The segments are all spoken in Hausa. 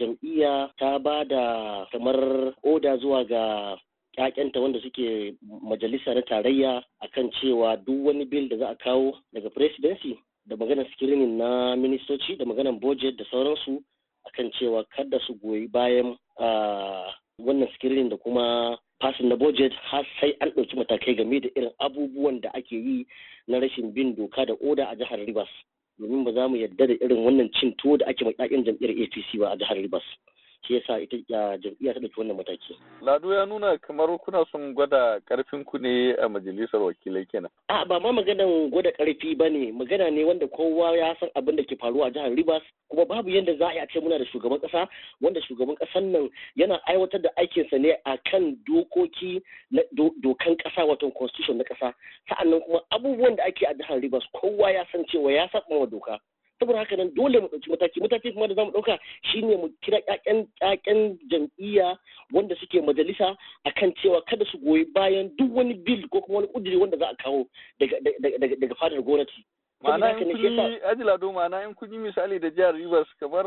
jam'iyya ta ba da kamar oda zuwa ga ƴaƴanta wanda suke majalisa na tarayya akan cewa duk wani bil da za a kawo daga presidency da maganar screening na ministoci da maganar budget da sauransu kan cewa kada su goyi bayan wannan screening da kuma fasin na budget har sai an ɗauki matakai game da irin abubuwan da ake yi na rashin bin doka da oda a jihar Rivers. domin ba za mu yarda da irin wannan cin tuwo da ake maƙaƙin jam'iyyar apc ba a jihar rivers ke yasa ita jam'iyya ta ɗauki wannan mataki. Lado ya nuna kamar kuna son gwada ƙarfin ku ne a majalisar wakilai kenan. A ba ma maganan gwada ƙarfi ba ne magana ne wanda kowa ya san abin da ke faruwa a jihar Rivers kuma babu yadda za a yi a ce muna da shugaban ƙasa wanda shugaban ƙasan nan yana aiwatar da aikinsa ne a kan dokoki na dokan ƙasa wato constitution na ƙasa sa'annan kuma abubuwan da ake a jihar Rivers kowa ya san cewa ya saba wa doka saboda haka nan dole mu ɗauki mataki mataki kuma da zamu ɗauka shine mu kira ƴaƴan ƴaƴan jam'iyya wanda suke majalisa akan cewa kada su goyi bayan duk wani bill ko kuma wani kudiri wanda za a kawo daga daga fadar gwamnati ma'ana in kun yi ajila do ma'ana in kun yi misali da jihar Rivers kamar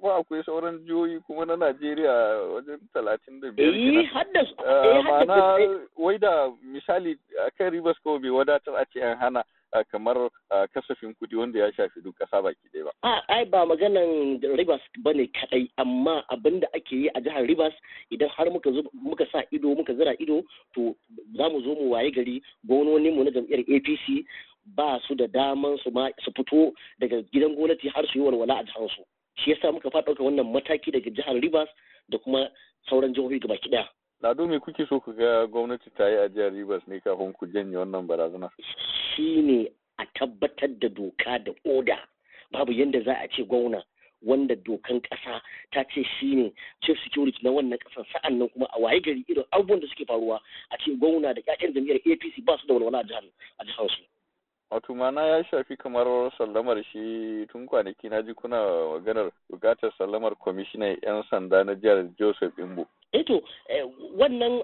kuma akwai sauran jihohi kuma na Najeriya wajen talatin da biyar. Eh hadda eh, eh, Ma'ana wai da misali kan Rivers ko bai wadatar a ce an hana eh, kamar kasafin kudi wanda ya shafi duk ƙasa baki ɗaya ba. A ai ba maganan Rivers ba ne kaɗai amma abin da ake yi a jihar Rivers idan har muka sa ido muka zira ido to za mu zo mu waye gari mu na jam'iyyar APC ba su da daman su fito daga gidan gwamnati har su yi walwala a jihar su. shi yasa muka fa ɗauka wannan mataki daga jihar Rivers da kuma sauran jihohi gaba ki Na Lado me kuke so ku ga gwamnati ta yi a jihar Rivers ne kafin ku janye wannan barazana? Shi ne a tabbatar da doka da oda. Babu yadda za a ce gwamna wanda dokan ƙasa ta ce shi ne chief security na wannan ƙasar sa'an nan kuma a waye gari irin abubuwan da suke faruwa a ce gwamna da 'ya'yan jam'iyyar APC ba su da walwala a jihar su. wato mana ya shafi kamar sallamar shi tun kwanaki na ji kuna maganar bukatar sallamar kwamishinan 'yan sanda na jihar joseph imbo eto eh eh, wannan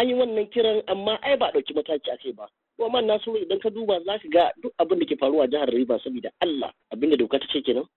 an wannan kiran amma ai ba dauki mataki akai ba kuma so idan ka duba za ka ga duk abin da ke faruwa jihar riba saboda allah abin da doka ta ce kenan